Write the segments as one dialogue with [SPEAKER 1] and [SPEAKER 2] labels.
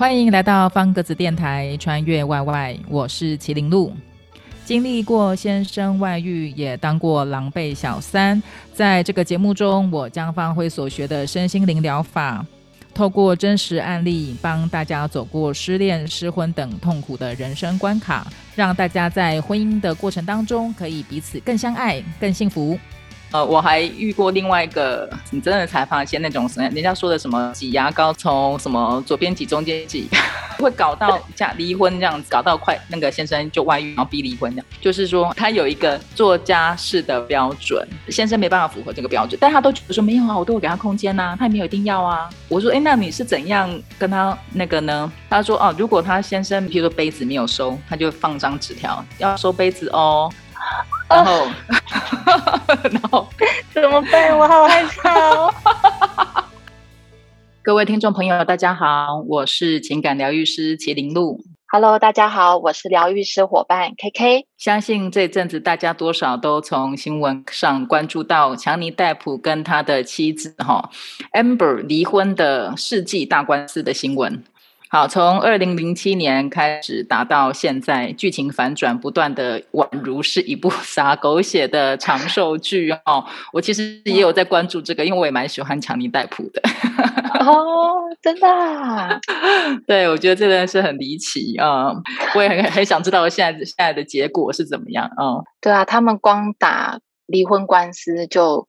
[SPEAKER 1] 歡迎來到方格子電臺《穿越外外》，我是麒麟鹿，經歷過先生外遇，也當過狼狽小三。在這個節目中，我將發揮所學的身心靈療法，透過真實案例，幫大家走過失戀、失婚等痛苦的人生關卡，讓大家在婚姻的過程當中，可以彼此更相愛、更幸福。呃，我還遇過另外一個，你真的採訪一些那種什麼，人家說的什麼擠牙膏從什麼左邊擠中間擠，會搞到假離婚這樣子，搞到快那個先生就外遇然後逼離婚這樣，就是說他有一個做家事的標準，先生沒辦法符合這個標準，但他都覺得說沒有啊，我都會給他空間吶、啊，他也沒有一定要啊。我說，誒、欸，那你是怎樣跟他那個呢？他說，哦，如果他先生比如說杯子沒有收，他就會放張紙條，要收杯子哦，
[SPEAKER 2] 然
[SPEAKER 1] 後。啊然後 No 怎麼辦？我好害怕哦！ 各位聽眾朋友，大家好，我是情感療癒師麒麟鹿。Hello，大家好，我是療癒師伙伴 KK。相信這陣子大家多少都從新聞上關注到強尼戴普跟他的妻子哈、哦、Amber 離婚的世紀大官司的新聞。好，從二零零七年開始打到現在，劇情反轉不斷的，宛如是一部灑狗血的長壽劇哦。我其實也有在關注這個，因為我也蠻喜歡強尼戴普的。
[SPEAKER 2] 哦，真的、啊？
[SPEAKER 1] 對，我覺得這個是很離奇啊、哦。我也很很想知道現在現在的結果是怎麼樣啊？哦、對啊，他們
[SPEAKER 2] 光打離婚官司就，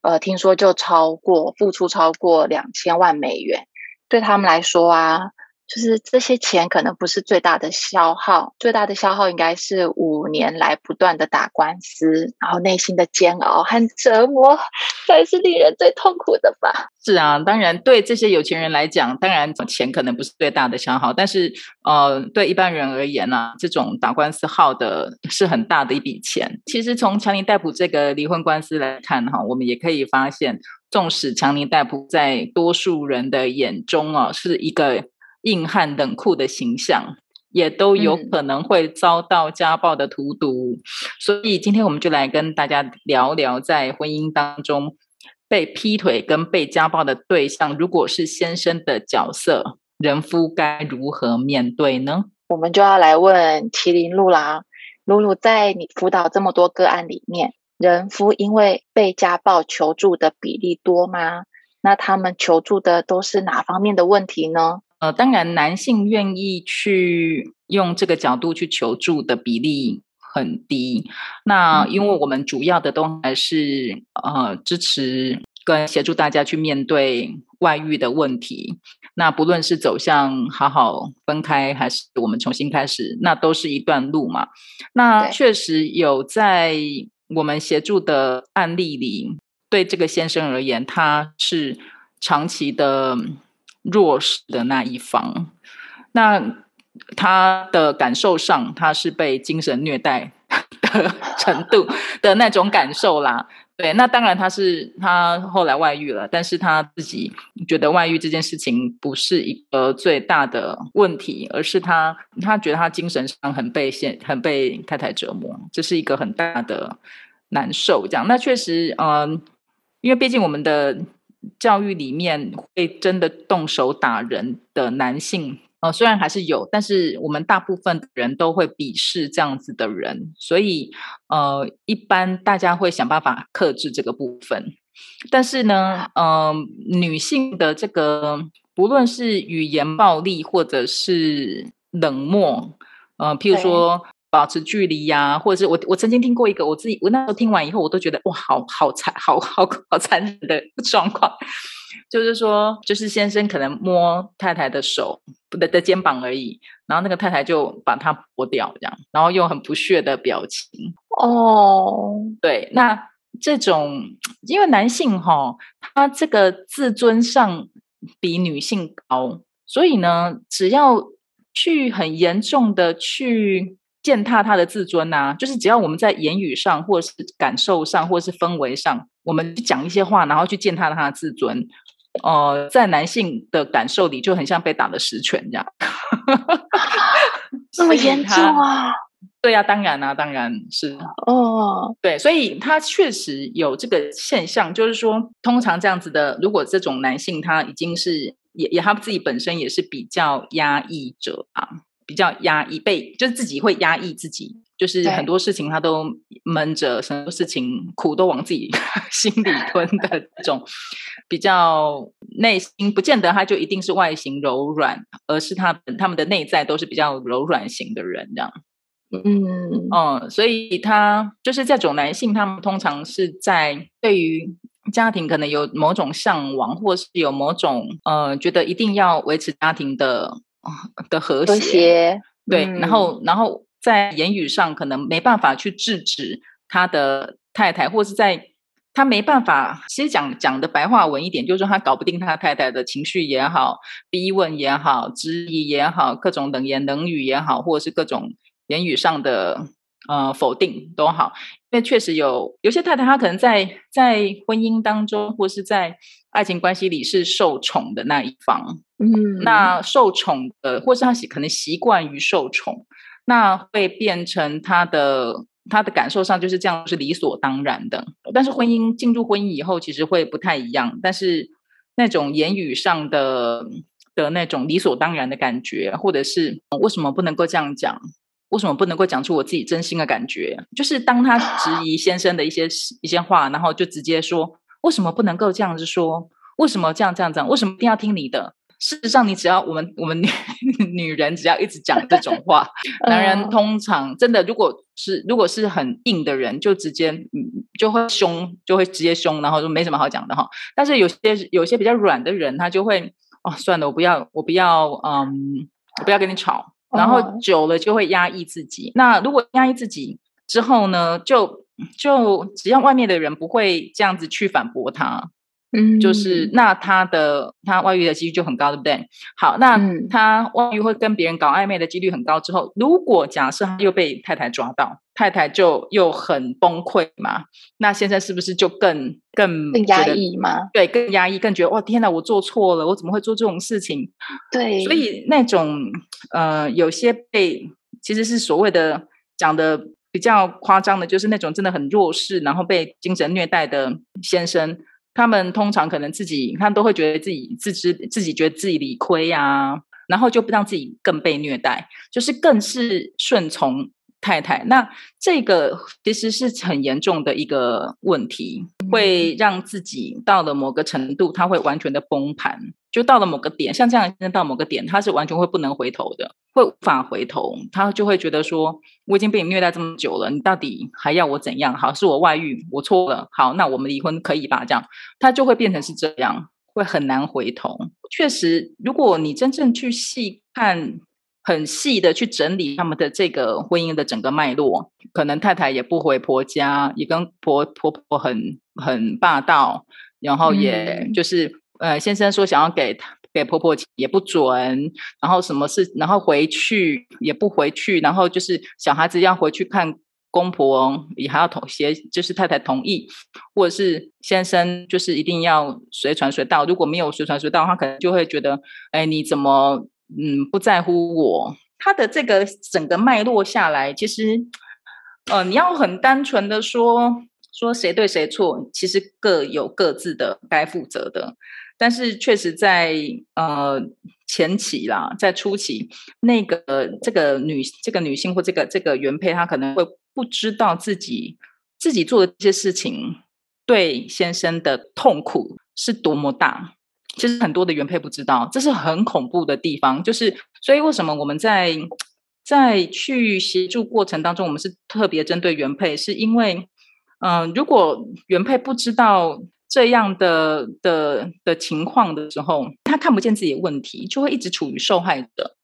[SPEAKER 2] 呃，聽說就超過付出超過兩千萬美元，對他們來說啊。就是這些錢可能不是最大的消耗，最大的消耗應該是五年來不斷的打官司，然後內心的煎熬和折磨才是令人最痛苦的吧。
[SPEAKER 1] 是啊，當然對這些有錢人來講，當然錢可能不是最大的消耗，但是呃，對一般人而言呢、啊，這種打官司耗的是很大的一筆錢。其實從強尼戴普這個離婚官司來看、啊，哈，我們也可以發現，縱使強尼戴普在多數人的眼中啊，是一個。硬漢冷酷的形象，也都有可能會遭到家暴的荼毒，嗯、所以今天我們就來跟大家聊聊，在婚姻當中被劈腿跟被家暴的對象，如果是先生的角色，人夫該如何面對呢？
[SPEAKER 2] 我們就要來問麒麟鹿啦，鹿鹿，在你輔導這麼多個案裡面，人夫因為被家暴求助的比例多嗎？那他們求助的都是哪方面的問題呢？
[SPEAKER 1] 呃，當然，男性願意去用這個角度去求助的比例很低。那因為我們主要的都還是呃支持跟協助大家去面對外遇的問題。那不論是走向好好分開，還是我們重新開始，那都是一段路嘛。那確實有在我們協助的案例裡，對這個先生而言，他是長期的。弱勢的那一方，那他的感受上，他是被精神虐待的程度的那種感受啦。對，那當然他是他後來外遇了，但是他自己覺得外遇這件事情不是一個最大的問題，而是他他覺得他精神上很被現，很被太太折磨，這是一個很大的難受。這樣，那確實，嗯，因為畢竟我們的。教育裡面會真的動手打人的男性，呃，雖然還是有，但是我們大部分人都會鄙視這樣子的人，所以呃，一般大家會想辦法克制這個部分。但是呢，嗯，呃，女性的這個，不論是語言暴力或者是冷漠，呃，譬如說。保持距離呀、啊，或者是我我曾經聽過一個我自己，我那時候聽完以後，我都覺得哇，好好殘，好慘好好殘忍的狀況，就是說，就是先生可能摸太太的手，的的肩膀而已，然後那個太太就把它撥掉，這樣，然後用很不屑的表情。哦，oh, 對，那這種，因為男性哈、哦，他這個自尊上比女性高，所以呢，只要去很嚴重的去。踐踏他的自尊吶、啊，就是只要我們在言語上，或是感受上，或是氛圍上，我們去講一些話，然後去踐踏他的自尊，哦、呃，在男性的感受裡，就很像被打了十拳這樣， 他那麼嚴重啊？對呀、啊，當然啊，當然是
[SPEAKER 2] 哦，oh.
[SPEAKER 1] 對，所以他確實有這個現象，就是說，通常這樣子的，如果這種男性他已經是也也他自己本身也是比較壓抑者啊。比較壓抑，被就是自己會壓抑自己，就是很多事情他都悶着，什麼事情苦都往自己心裡吞的這種。比較內心不見得他就一定是外形柔軟，而是他他們的內在都是比較柔軟型的人這樣。
[SPEAKER 2] 嗯，
[SPEAKER 1] 哦、嗯嗯，所以他就是這種男性，他們通常是在對於家庭可能有某種嚮往，或是有某種呃覺得一定要維持家庭的的和諧，嗯、對，然後，然後在言語上可能沒辦法去制止他的太太，或是在他沒辦法，其實講講的白話文一點，就是說他搞不定他太太的情緒也好，逼問也好，質疑也好，也好各種冷言冷語也好，或是各種言語上的。呃，否定都好，因為確實有有些太太，她可能在在婚姻當中，或是，在愛情關係裡是受寵的那一方，嗯，那受寵的，或是她可能習慣於受寵，那會變成她的她的感受上就是這樣，是理所當然的。但是婚姻進入婚姻以後，其實會不太一樣。但是那種言語上的的那種理所當然的感覺，或者是，嗯，為什麼不能夠這樣講？為什麼不能夠講出我自己真心的感覺？就是當他質疑先生的一些一些話，然後就直接說：“為什麼不能夠這樣子說？為什麼這樣這樣這樣？為什麼一定要聽你的？”事實上，你只要我們我們女女人只要一直講這種話， 男人通常真的如果是如果是很硬的人，就直接嗯，就會兇，就會直接兇，然後就沒什麼好講的哈。但是有些有些比較軟的人，他就會哦算了，我不要，我不要，嗯，我不要跟你吵。然後久了就會壓抑自己。哦。那如果壓抑自己之後呢？就就只要外面的人不會這樣子去反駁他。嗯，就是那他的他外遇的幾率就很高，對不對？好，那他外遇會跟別人搞曖昧的幾率很高，之後，如果假設他又被太太抓到，太太就又很崩潰嘛。那現在是不是就更更，更壓抑嗎？對，更壓抑，更覺得哇，天吶，我做錯了，我怎麼會做這種事情？對，所以那種呃，有些被其實是所謂的講的比較誇張的，就是那種真的很弱勢，然後被精神虐待的先生。他們通常可能自己，他們都會覺得自己自知，自己覺得自己理虧啊，然後就不讓自己更被虐待，就是更是順從。太太，那這個其實是很嚴重的一個問題，會讓自己到了某個程度，他會完全的崩盤。就到了某個點，像這樣到某個點，他是完全會不能回頭的，會無法回頭。他就會覺得說，我已經被你虐待這麼久了，你到底還要我怎樣？好，是我外遇，我錯了。好，那我們離婚可以吧？這樣，他就會變成是這樣，會很難回頭。確實，如果你真正去細看，很細的去整理他們的這個婚姻的整個脈絡，可能太太也不回婆家，也跟婆婆婆很很霸道，然後也就是、嗯、呃先生說想要給給婆婆也不准，然後什麼事然後回去也不回去，然後就是小孩子要回去看公婆也還要同協，就是太太同意，或者是先生就是一定要隨傳隨到，如果沒有隨傳隨到，他可能就會覺得哎你怎麼？嗯，不在乎我，他的這個整個脈絡下來，其實，呃，你要很單純的說說誰對誰錯，其實各有各自的該負責的。但是，確實在呃前期啦，在初期，那個這個女這個女性或這個這個原配，她可能會不知道自己自己做的這些事情對先生的痛苦是多麼大。其實很多的原配不知道，這是很恐怖的地方。就是所以，為什麼我們在在去協助過程當中，我們是特別針對原配，是因為，嗯、呃，如果原配不知道這樣的的的情況的時候，他看不見自己的問題，就會一直處於受害者。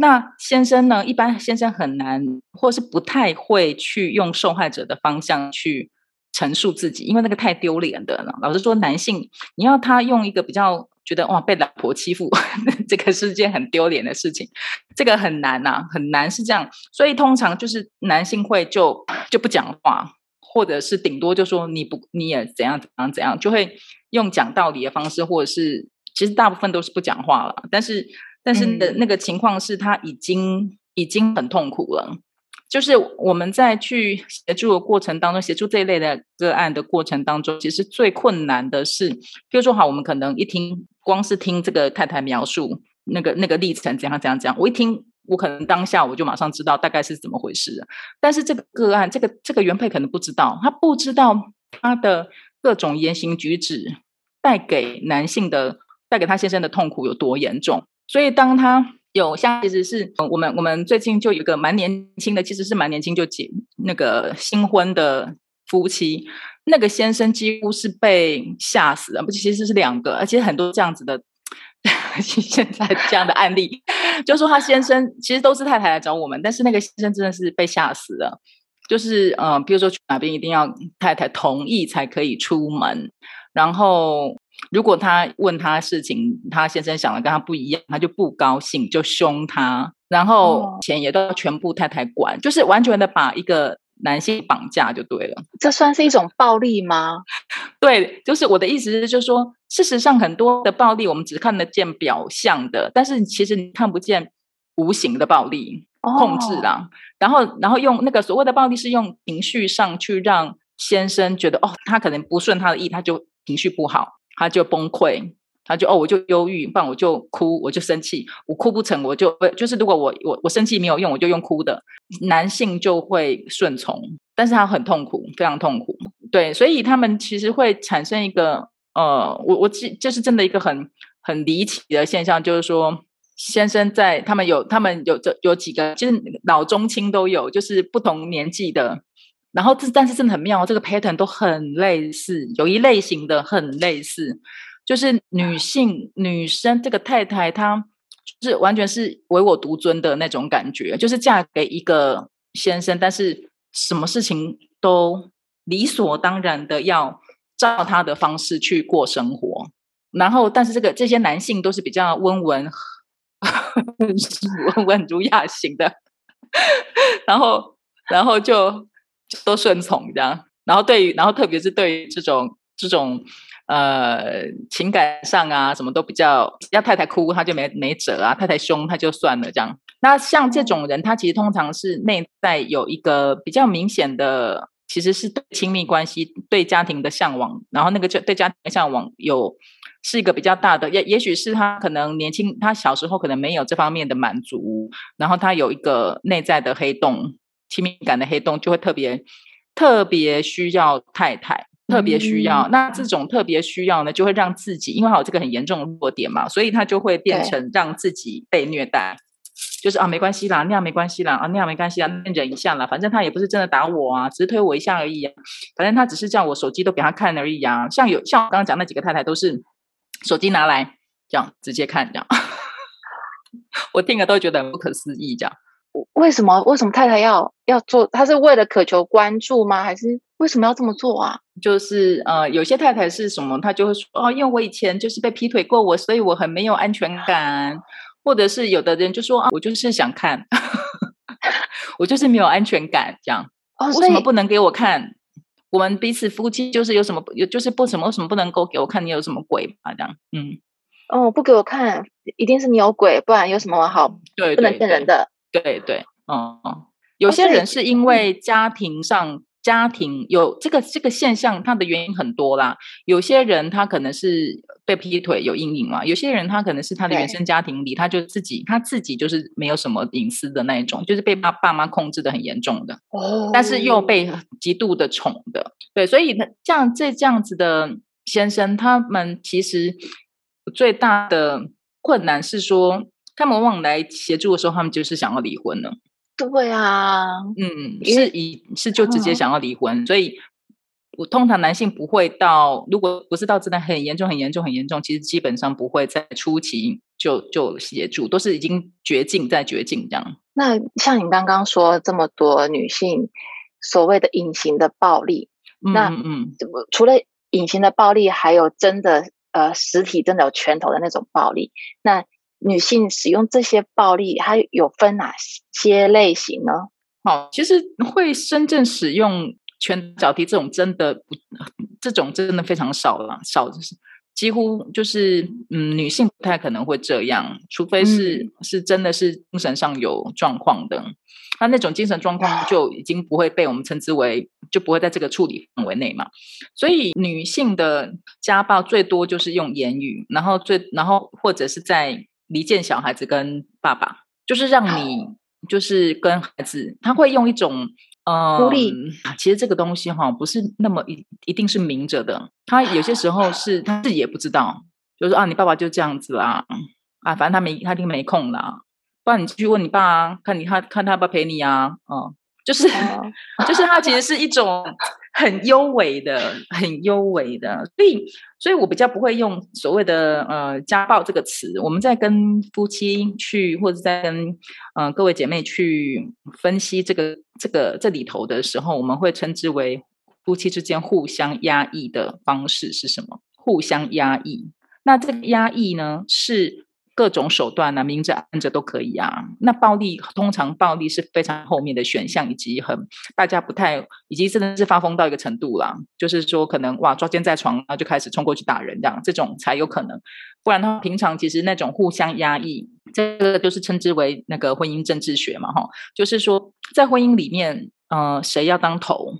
[SPEAKER 1] 那先生呢？一般先生很難，或是不太會去用受害者的方向去陳述自己，因為那個太丟臉的了。老實說，男性你要他用一個比較。覺得哇，被老婆欺負呵呵，這個是件很丟臉的事情，這個很難吶、啊，很難是這樣，所以通常就是男性會就就不講話，或者是頂多就說，你不你也怎樣怎樣怎樣，就會用講道理的方式，或者是其實大部分都是不講話了，但是但是的、嗯、那個情況是他已經已經很痛苦了。就是我們在去協助的過程當中，協助這一類的個案的過程當中，其實最困難的是，譬如說哈，我們可能一聽，光是聽這個太太描述那個那個歷程怎樣怎樣怎樣，我一聽，我可能當下我就馬上知道大概是怎麼回事了。但是這個個案，這個這個原配可能不知道，他不知道他的各種言行舉止帶給男性的，帶給他先生的痛苦有多嚴重，所以當他。有像，其實是我們我們最近就有一個蠻年輕的，其實是蠻年輕就結那個新婚的夫妻，那個先生幾乎是被嚇死的，不，其實是兩個，而且很多這樣子的，現在這樣的案例，就說他先生其實都是太太來找我們，但是那個先生真的是被嚇死的，就是嗯、呃、比如說去哪邊一定要太太同意才可以出門，然後。如果他問他事情，他先生想的跟他不一樣，他就不高興，就凶他。然後錢也都全部太太管，就是完全的把一個男性綁架就對了。這算是一種暴力嗎？ 對，就是我的意思是，就是說，事實上很多的暴力我們只看得見表象的，但是其實你看不見無形的暴力控制啦。哦、然後，然後用那個所謂的暴力，是用情緒上去讓先生覺得哦，他可能不順他的意，他就情緒不好。他就崩潰，他就哦，我就憂鬱，不然我就哭，我就生氣，我哭不成，我就會，就是如果我我我生氣沒有用，我就用哭的。男性就會順從，但是他很痛苦，非常痛苦。對，所以他們其實會產生一個呃，我我記就是真的一個很很離奇的現象，就是說先生在他們有他們有這有幾個，其實就是老中青都有，就是不同年紀的。然後這但是真的很妙哦，這個 pattern 都很類似，有一類型的很類似，就是女性女生這個太太她，她就是完全是唯我獨尊的那種感覺，就是嫁給一個先生，但是什麼事情都理所當然的要照她的方式去過生活。然後，但是這個這些男性都是比較溫文溫文儒雅型的，然後然後就。都順從這樣，然後對於，然後特別是對於這種這種呃情感上啊，什麼都比較，要太太哭他就沒沒轍啊，太太凶他就算了這樣。那像這種人，他其實通常是內在有一個比較明顯的，其實是對親密關係、對家庭的向往。然後那個就對家庭的向往有是一個比較大的，也也許是他可能年輕，他小時候可能沒有這方面的滿足，然後他有一個內在的黑洞。親密感的黑洞就會特別特別需要太太，特別需要。嗯、那這種特別需要呢，就會讓自己，因為我有這個很嚴重的弱點嘛，所以他就會變成讓自己被虐待。對就是啊，沒關係啦，那樣、啊、沒關係啦，啊，那樣、啊、沒關係啦，忍一下啦，反正他也不是真的打我啊，只是推我一下而已、啊。反正他只是叫我手機都給他看而已啊。像有像我剛剛講那幾個太太都是手機拿來這樣直接看這樣， 我聽了都覺得很不可思議這樣。
[SPEAKER 2] 為什麼？為什麼太太要要做？他是為了渴求關注嗎？還是為什麼要這麼
[SPEAKER 1] 做啊？就是呃，有些太太是什麼，她就會說哦，因為我以前就是被劈腿過我，我所以我很沒有安全感。或者是有的人就說啊、哦，我就是想看， 我就是沒有安全感，這樣、哦、為什麼不能給我看？我們彼此夫妻就是有什麼，有就是不什麼什麼不能夠給我看你有什麼鬼啊？這樣嗯，
[SPEAKER 2] 哦，不給我看，一定是你有鬼，不然有什麼好對，對，對不能見人的。
[SPEAKER 1] 對對，嗯，有些人是因為家庭上，哦、家庭有這個這個現象，他的原因很多啦。有些人他可能是被劈腿有陰影嘛，有些人他可能是他的原生家庭裡，他就自己對他自己就是沒有什麼隱私的那一種，就是被他爸媽控制的很嚴重的。
[SPEAKER 2] 哦，但是又
[SPEAKER 1] 被極度的寵的，對，所以像這這樣子的先生，他們其實最大的困難是說。他們往往來協助的時候，他們就是想要離婚了。
[SPEAKER 2] 對啊，嗯，為是
[SPEAKER 1] 以是就直接想要離婚，嗯、所以，我通常男性不會到，如果不是到真的很嚴重、很嚴重、很嚴重，其實基本上不會在初期，就就協助，都是已經絕境再絕境這樣。
[SPEAKER 2] 那像你剛剛說這麼多女性所謂的隱形的暴力，那嗯，那嗯除了隱形的暴力，還有真的呃實體真的有拳頭的那種暴力，那。女性使用這些暴力，它有分哪些類型呢？
[SPEAKER 1] 好，其實會真正使用拳腳踢這種，真的不，這種真的非常少了，少，幾乎就是，嗯，女性不太可能會這樣，除非是、嗯、是真的是精神上有狀況的，那那種精神狀況就已經不會被我們稱之為，就不會在這個處理範圍內嘛。所以女性的家暴最多就是用言語，然後最，然後或者是在。離間小孩子跟爸爸，就是讓你好就是跟孩子，他會用一種嗯，呃、力其實這個東西哈、哦，不是那麼一一定是明着的，他有些時候是他自己也不知道，就是啊，你爸爸就這樣子啦、啊，啊，反正他沒他一定沒空啦，不然你去問你爸啊，看你他看他爸陪你啊。嗯。就是就是，就是、它其實是一種很幽微的，很幽微的，所以所以我比較不會用所謂的“呃”家暴這個詞。我們在跟夫妻去，或者在跟、呃、各位姐妹去分析這個這個這裡頭的時候，我們會稱之為夫妻之間互相壓抑的方式是什麼？互相壓抑，那這個壓抑呢是？各種手段啊，明着暗着都可以啊。那暴力通常，暴力是非常後面的選項，以及很大家不太，以及真的是發瘋到一個程度了。就是說，可能哇，抓姦在床，然後就開始衝過去打人這樣，這種才有可能。不然的話，平常其實那種互相壓抑，這個就是稱之為那個婚姻政治學嘛、哦，哈，就是說在婚姻裡面，嗯、呃，誰要當頭？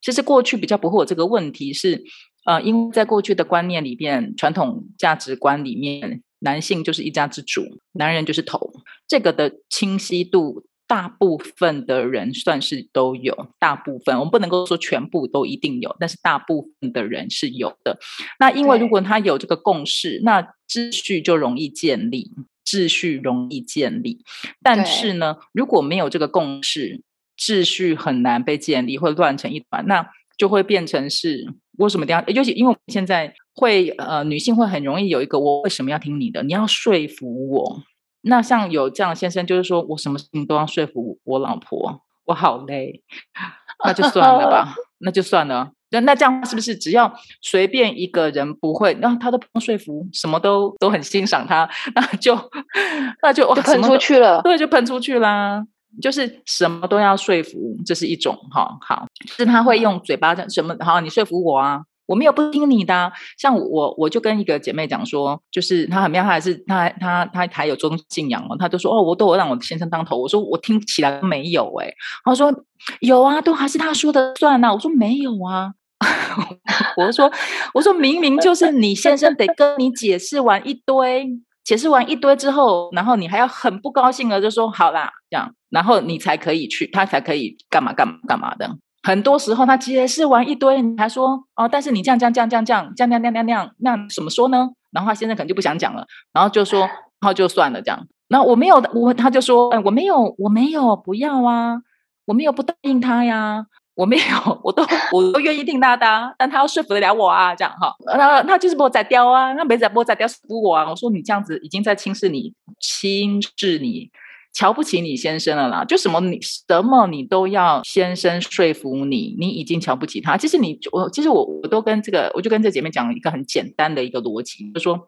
[SPEAKER 1] 其實過去比較不會有這個問題是，是呃，因為在過去的觀念裡邊，傳統價值觀裡面。男性就是一家之主，男人就是頭。這個的清晰度，大部分的人算是都有。大部分我們不能夠說全部都一定有，但是大部分的人是有的。那因為如果他有這個共識，那秩序就容易建立，秩序容易建立。但是呢，如果沒有這個共識，秩序很難被建立，會亂成一團。那就會變成是為什麼這樣？尤其因為我們現在。會呃，女性會很容易有一個我為什麼要聽你的？你要說服我。那像有這樣的先生，就是說我什麼事情都要說服我老婆，我好累。那就算了吧， 那就算了。那那這樣是不是只要隨便一個人不會那、啊、他都不用說服，什麼都都很欣賞他，那就那就、啊、就噴出去了。對，就噴出去啦、啊。就是什麼都要說服，這是一種哈、哦、好，就是他會用嘴巴講什麼好，你說服我啊。我沒有不聽你的啊，像我，我就跟一個姐妹講說，就是她很妙，她還是，她她她，她還有中信仰哦，她就說哦，我都讓我先生當頭，我說我聽起來沒有欸。她說有啊，都還是他說的算吶，我說沒有啊， 我說我說明明就是你先生得跟你解釋完一堆，解釋完一堆之後，然後你還要很不高興的就說好啦，這樣，然後你才可以去，他才可以幹嘛幹嘛幹嘛的。很多時候他解釋完一堆，你還說哦、啊，但是你這樣 ao 這樣這樣這樣這樣，這樣，這樣那樣那樣那樣那樣怎麼說呢？然後他先生可能就不想講了，然後就說，然後就算了這樣。那我沒有，我他就說、嗯，我沒有，我沒有，不要啊，我沒有不答應他呀，我沒有，我都我都願意聽他的、啊，但他要說服得了我啊，這樣哈。那、哦、那就是波仔雕啊，那沒在波仔雕唬我啊。我說你這樣子已經在輕視你，輕視你。瞧不起你先生了啦，就什麼你什麼你都要先生說服你，你已經瞧不起他。其實你我其實我我都跟這個，我就跟這姐妹講了一個很簡單的一個邏輯，就是、說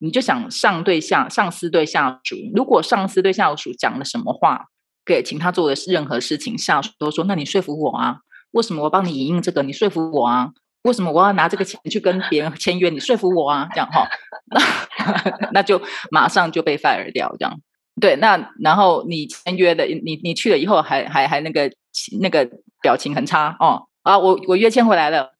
[SPEAKER 1] 你就想上對下，上司對下屬。如果上司對下屬講了什麼話，給請他做的任何事情，下屬都說那你說服我啊？為什麼我幫你引用這個？你說服我啊？為什麼我要拿這個錢去跟別人簽約？你說服我啊？這樣哈，那、哦、 那就馬上就被 fire 掉這樣。對，那然後你簽約的，你你去了以後還，還還還那個那個表情很差哦啊，我我約簽回來了，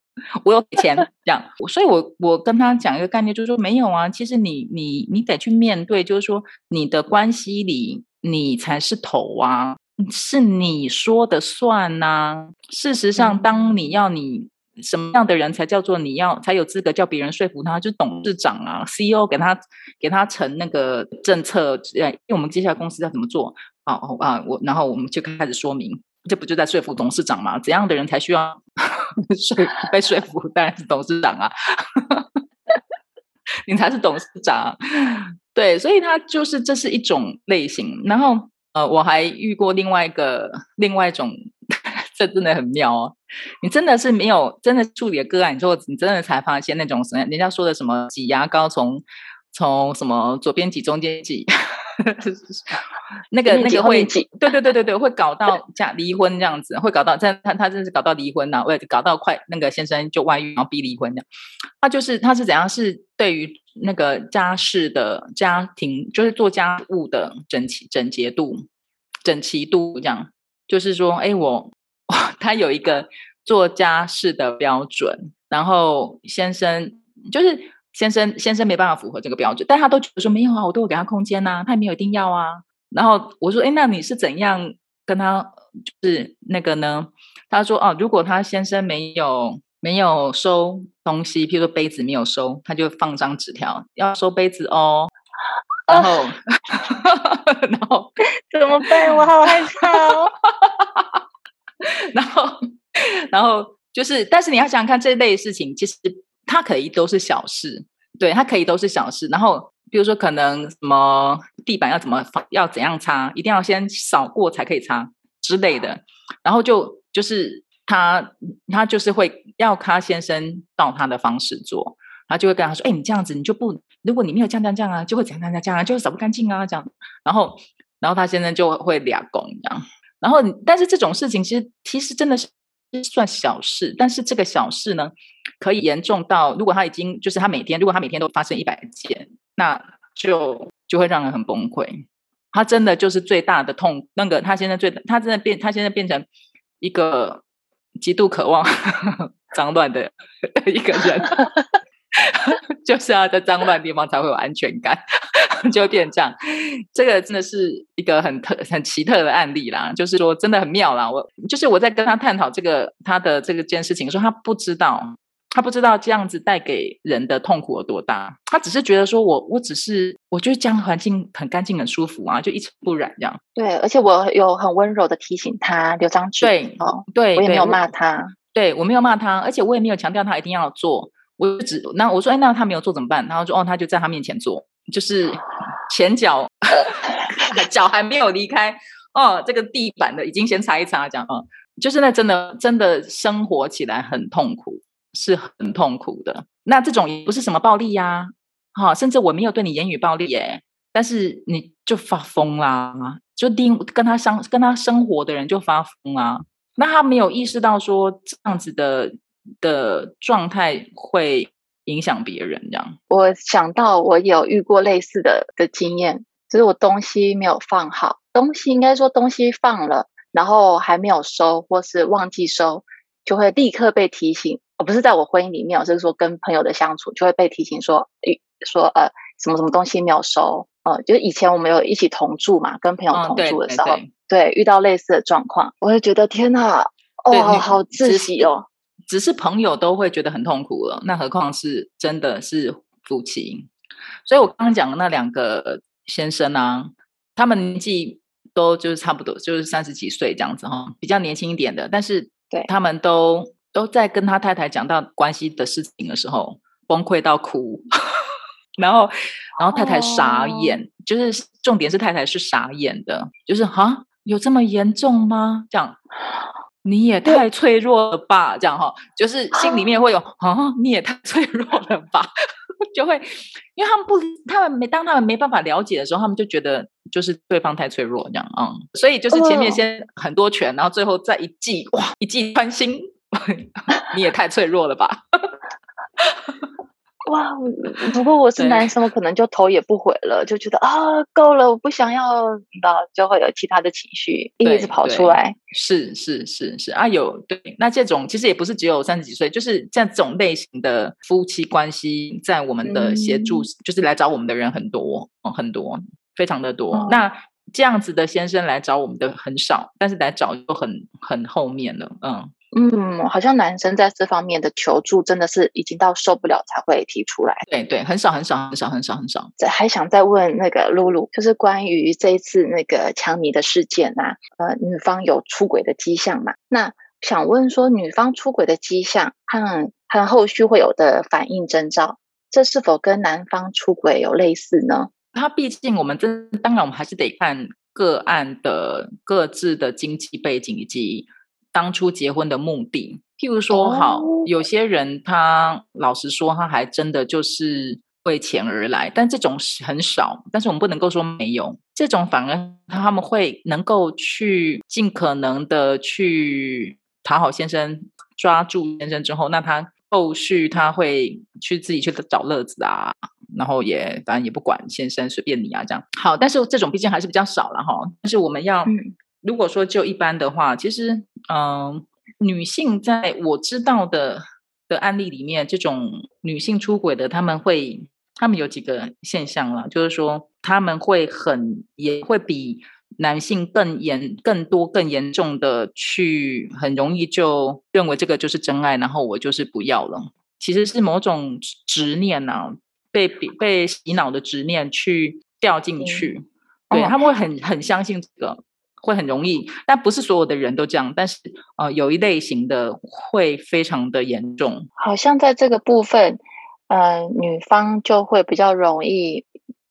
[SPEAKER 1] 我又給錢這樣， 所以我我跟他講一個概念，就是、說沒有啊，其實你你你得去面對，就是說你的關係裡你才是頭啊，是你說的算吶、啊。事實上，當你要你。嗯什麼樣的人才叫做你要才有資格叫別人說服他？就是、董事長啊，CEO 給他給他成那個政策，因為我們接下來公司要怎麼做？好啊，啊，我然後我們就開始說明，這不就在說服董事長嗎？怎樣的人才需要呵呵說被說服？當然是董事長啊呵呵，你才是董事長。對，所以他就是這是一種類型。然後呃，我還遇過另外一個另外一種。這真的很妙哦！你真的是沒有真的處理個案，啊，之後你真的才發現那種什麼人家說的什麼擠牙膏從從什麼左邊擠中間擠， 那個級那個會擠，級對對對對對，會搞到假對離婚這樣子，會搞到他他他真的是搞到離婚吶，啊，為搞到快那個先生就外遇然後逼離婚這樣。他就是他是怎樣是對於那個家事的家庭，就是做家務的整齊整潔度整齊度這樣，就是說哎我。他有一個做家事的標準，然後先生就是先生，先生沒辦法符合這個標準，但他都覺得說沒有啊，我都有給他空間吶、啊，他也沒有一定要啊。然後我說，誒，那你是怎樣跟他就是那個呢？他說，哦、啊，如果他先生沒有沒有收東西，譬如說杯子沒有收，他就放張紙條，要收杯子哦。然後，啊、 然後怎麼辦？我好害怕哦。 然後，然後就是，但是你要想想看，這類事情其實它可以都是小事，對，它可以都是小事。然後，比如說可能什麼地板要怎麼要怎樣擦，一定要先掃過才可以擦之類的。啊、然後就就是他他就是會要他先生照他的方式做，他就會跟他說：“哎、欸，你這樣子你就不，如果你沒有這樣這樣啊，就會怎樣這樣啊，就會掃不乾淨啊，這樣。”然後，然後他先生就會倆拱這樣。然後，但是這種事情其實其實真的是算小事，但是這個小事呢，可以嚴重到，如果他已經就是他每天，如果他每天都發生一百件，那就就會讓人很崩潰。他真的就是最大的痛，那個他現在最他真的變，他現在變成一個極度渴望 髒亂的一個人。哈哈哈。 就是要、啊、在髒亂的地方才會有安全感， 就會變這樣。這個真的是一個很特、很奇特的案例啦。就是說，真的很妙啦。我就是我在跟他探討這個他的這個件事情，的時候，他不知道，他不知道這樣子帶給人的痛苦有多大。他只是覺得說我，我只是我覺得這樣的環境很乾淨、很舒服啊，就一塵不染這樣。
[SPEAKER 2] 對，而且我有很溫柔的提醒他留張紙。章對哦，對，我也沒有罵他。
[SPEAKER 1] 對，我沒有罵他，而且我也沒有強調他一定要做。我就只那我說哎，那他沒有做怎麼辦？然後說哦，他就在他面前做，就是前腳 腳還沒有離開哦，這個地板的已經先擦一擦這樣。哦，就是那真的真的生活起來很痛苦，是很痛苦的。那這種也不是什麼暴力呀、啊、哈、哦，甚至我沒有對你言語暴力耶，但是你就發瘋啦，就盯，跟他生跟他生活的人就發瘋啦，那他沒有意識到說這樣子的。的狀態會影響別人，這樣。
[SPEAKER 2] 我想到我有遇過類似的的經驗，就是我東西沒有放好，東西應該說東西放了，然後還沒有收，或是忘記收，就會立刻被提醒。哦，不是在我婚姻裡面，就是，是說跟朋友的相處就會被提醒說，說呃，什麼什麼東西沒有收。哦、呃，就是以前我們有一起同住嘛，跟朋友同住的時候，哦、對，對，對，對，遇到類似的狀況，我就覺得天哪，
[SPEAKER 1] 哦，自好刺激哦。只是朋友都會覺得很痛苦了，那何況是真的是夫妻？所以我剛剛講的那兩個先生啊，他們年紀都就是差不多，就是三十幾歲這樣子哈、哦，比較年輕一點的，但是對他們都對都在跟他太太講到關係的事情的時候崩潰到哭， 然後然後太太傻眼，哦、就是重點是太太是傻眼的，就是啊，有這麼嚴重嗎？這樣。你也太脆弱了吧，對這樣哈、哦，就是心裡面會有啊、哦哦，你也太脆弱了吧， 就會，因為他們不，他們沒，當他們沒辦法了解的時候，他們就覺得就是對方太脆弱這樣啊、嗯，所以就是前面先很多拳，哦、然後最後再一記，哇，一記穿心， 你也太脆弱了吧。哈哈
[SPEAKER 2] 哈。哇！如果我是男生，對我可能就頭也不回了，就覺得啊，夠了，我不想要，然後就會有其他的情緒，對一直跑出來。
[SPEAKER 1] 是是是是啊，有對。那這種其實也不是只有三十幾歲，就是這種類型的夫妻關係，在我們的協助，嗯、就是來找我們的人很多、嗯、很多，非常的多。嗯、那這樣子的先生來找我們的很少，但是來找就很很後面了，嗯。
[SPEAKER 2] 嗯，好像男生在這方面的求助真的是已經到受不了才會提出來。
[SPEAKER 1] 對對，很少很少很少很少很少。很少很少很少還
[SPEAKER 2] 想再問那個露露，就是關於這一次那個強尼的事件啊，呃，女方有出軌的跡象嘛？那想問說，女方出軌的跡象和和後續會有的反應徵兆，這是否跟男方出軌有類似呢？
[SPEAKER 1] 他畢竟我們這當然我們還是得看個案的各自的經濟背景以及。當初結婚的目的，譬如說，好，有些人他老實說，他還真的就是為錢而來，但這種是很少。但是我們不能夠說沒有這種，反而他們會能夠去盡可能的去討好先生，抓住先生之後，那他後續他會去自己去找樂子啊，然後也反正也不管先生，隨便你啊，這樣。好，但是這種畢竟還是比較少了哈，但是我們要。嗯。如果說就一般的話，其實，嗯，呃，女性在我知道的的案例裡面，這種女性出軌的，他們會，他們有幾個現象啦，就是說他們會很也會比男性更嚴、更多、更嚴重的去，很容易就認為這個就是真愛，然後我就是不要了，其實是某種執念吶，啊，被被洗腦的執念去掉進去，嗯，對，哦，他們會很很相信這個。會很容易，但不是所有的人都這樣。但是，呃，有一類型的會非常的嚴重。
[SPEAKER 2] 好像在這個部分，嗯、呃，女方就會比較容易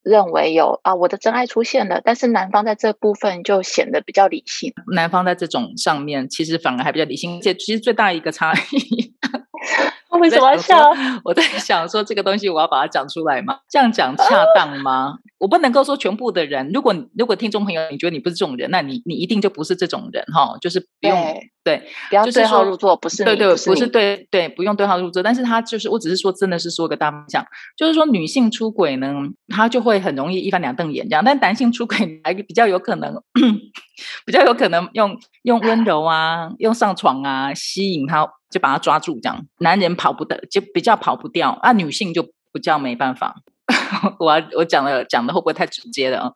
[SPEAKER 2] 認為有啊，我的真愛出現了。但是男方在這部分就顯得比較理性。
[SPEAKER 1] 男方在這種上面，其實反而還比較理性，這其實最大一個差異。 我在想，為什麼要笑？我在想說這個東西，我要把它講出來嘛？這樣講恰當嗎？ 我不能夠說全部的人。如果如果聽眾朋友，你覺得你不是這種人，那你你一定就不是這種人哈，就是不用對，不要對號入座，不是對，對對，不是對對，不，對不用對號入座。但是他就是，我只是說，真的是說個大方向，就是說女性出軌呢，她就會很容易一翻兩瞪眼這樣，但男性出軌還比較有可能。 比較有可能用用溫柔啊，用上床啊，吸引他，就把他抓住。這樣男人跑不得，就比較跑不掉啊。女性就比較沒辦法。 我、啊、我講了講的會不會太直接了啊？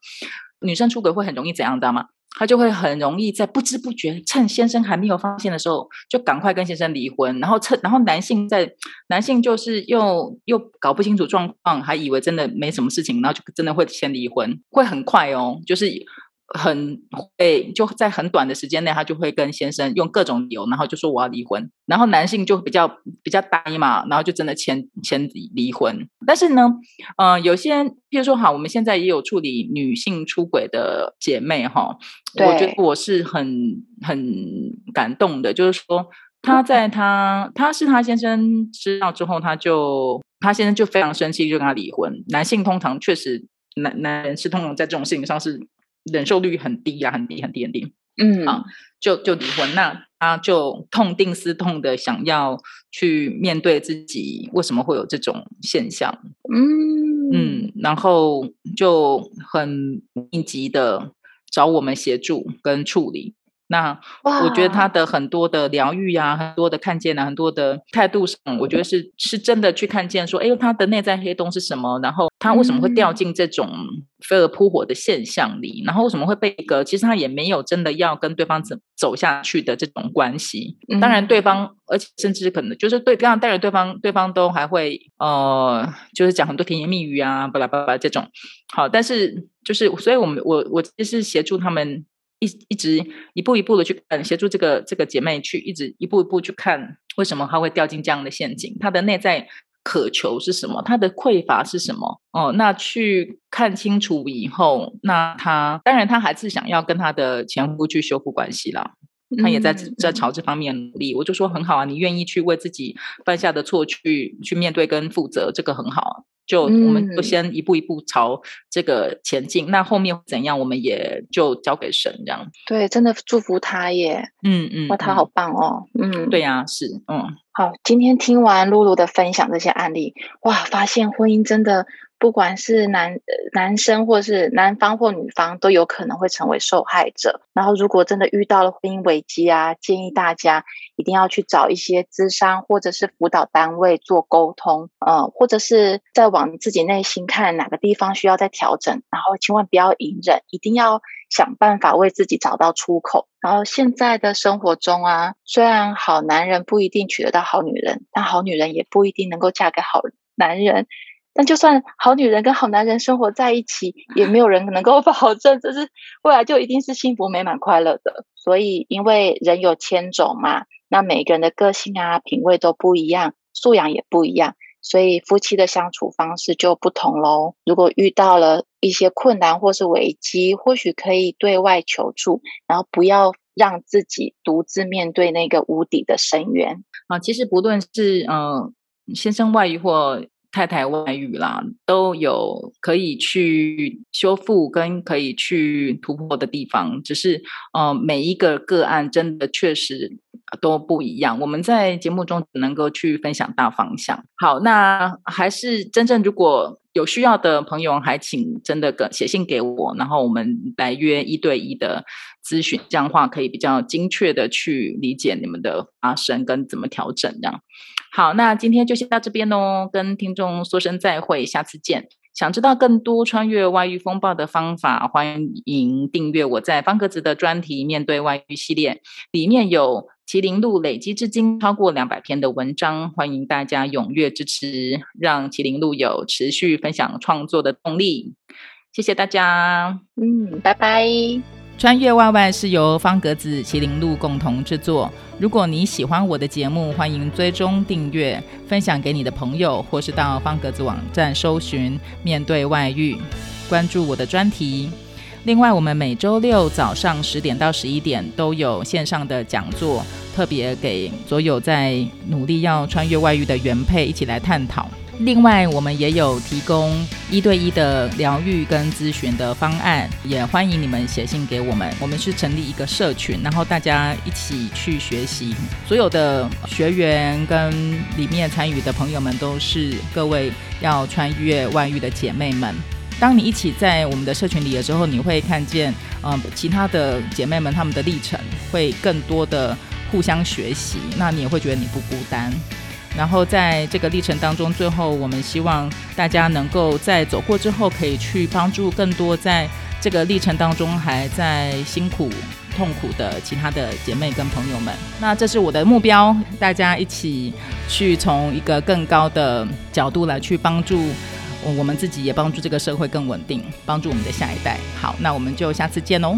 [SPEAKER 1] 女生出軌會很容易怎樣的知道嗎？她就會很容易在不知不覺，趁先生還沒有發現的時候，就趕快跟先生離婚。然後趁然後男性在男性就是又又搞不清楚狀況，還以為真的沒什麼事情，然後就真的會先離婚，會很快哦，就是。很誒，就在很短的時間內，她就會跟先生用各種理由，然後就說我要離婚。然後男性就比較比較單一嘛，然後就真的簽簽離，離婚。但是呢，呃，有些譬如說哈，我們現在也有處理女性出軌的姐妹哈，我覺得我是很很感動的，就是說她在她，她是她先生知道之後，她就她先生就非常生氣，就跟他離婚。男性通常確實男男人是通常在這種事情上是。忍受率很低啊，很低，很低，很低。嗯，啊，就就離婚，那他就痛定思痛的想要去面對自己為什麼會有這種現象。
[SPEAKER 2] 嗯，嗯，
[SPEAKER 1] 然後就很密集的找我們協助跟處理。那我覺得他的很多的療癒呀、啊，哇很多的看見吶、啊，很多的態度上，我覺得是是真的去看見，說，哎呦，他的內在黑洞是什麼？然後他為什麼會掉進這種飛蛾撲火的現象裡？嗯、然後為什麼會被割？其實他也沒有真的要跟對方走走下去的這種關係。嗯、當然，對方，而且甚至可能就是對，讓帶着對方，對方都還會呃，就是講很多甜言蜜語啊，巴拉巴拉這種。好，但是就是，所以我們我我其實是協助他們。一一直一步一步的去，嗯，協助這個這個姐妹去一直一步一步去看，為什麼她會掉進這樣的陷阱？她的內在渴求是什麼？她的匱乏是什麼？哦，那去看清楚以後，那她當然她還是想要跟她的前夫去修復關係啦。他也在在朝這方面努力，嗯，我就說很好啊，你願意去為自己犯下的錯去去面對跟負責，這個很好啊。就我們就先一步一步朝這個前進，嗯，那後面怎樣，我們也就交給神這樣。
[SPEAKER 2] 對，真的祝福他耶。
[SPEAKER 1] 嗯嗯，嗯，哇，他好棒哦。嗯，對呀，啊，是。嗯，好，
[SPEAKER 2] 今天聽完露露的分享這些案例，哇，發現婚姻真的。不管是男男生，或是男方或女方，都有可能會成為受害者。然後，如果真的遇到了婚姻危機啊，建議大家一定要去找一些諮商或者是輔導單位做溝通，呃，或者是再往自己內心看哪個地方需要再調整。然後，千萬不要隱忍，一定要想辦法為自己找到出口。然後，現在的生活中啊，雖然好男人不一定娶得到好女人，但好女人也不一定能夠嫁給好男人。但就算好女人跟好男人生活在一起，也沒有人能夠保證就是未來就一定是幸福美滿、快樂的。所以，因為人有千種嘛，那每個人的個性啊、品味都不一樣，素養也不一樣，所以夫妻的相處方式就不同嘍。如果遇到了一些困難或是危機，或許可以對外求助，然後不要讓自己獨自面對那個無底的深淵。
[SPEAKER 1] 啊，其實不論是，呃，先生外遇或太太外遇啦，都有可以去修復跟可以去突破的地方，只是呃，每一個個案真的確實都不一樣。我們在節目中只能夠去分享大方向。好，那還是真正如果有需要的朋友，還請真的給寫信給我，然後我們來約一對一的諮詢，這樣的話可以比較精確的去理解你們的發生跟怎麼調整這樣。好，那今天就先到這邊嘍，跟聽眾說聲再會，下次見。想知道更多穿越外遇風暴的方法，歡迎訂閱我在方格子的專題《面對外遇》系列，裡面有麒麟鹿累積至今超過兩百篇的文章，歡迎大家踊躍支持，讓麒麟鹿有持續分享創作的動力。謝謝大家，嗯，拜拜。穿越外外是由方格子、麒麟鹿共同製作。如果你喜歡我的節目，歡迎追蹤訂閱、分享給你的朋友，或是到方格子網站搜尋“面對外遇”，關注我的專題。另外，我們每周六早上十點到十一點都有線上的講座，特別給所有在努力要穿越外遇的原配一起來探討。另外，我們也有提供一對一的療癒跟諮詢的方案，也歡迎你們寫信給我們。我們是成立一個社群，然後大家一起去學習。所有的學員跟裡面參與的朋友們都是各位要穿越外遇的姐妹們。當你一起在我們的社群裡的時候，你會看見，嗯、呃，其他的姐妹們她們的歷程，會更多的互相學習，那你也會覺得你不孤單。然後在這個歷程當中，最後我們希望大家能夠在走過之後，可以去幫助更多在這個歷程當中還在辛苦、痛苦的其他的姐妹跟朋友們。那這是我的目標，大家一起去從一個更高的角度來去幫助我們自己，也幫助這個社會更穩定，幫助我們的下一代。好，那我們就下次見嘍。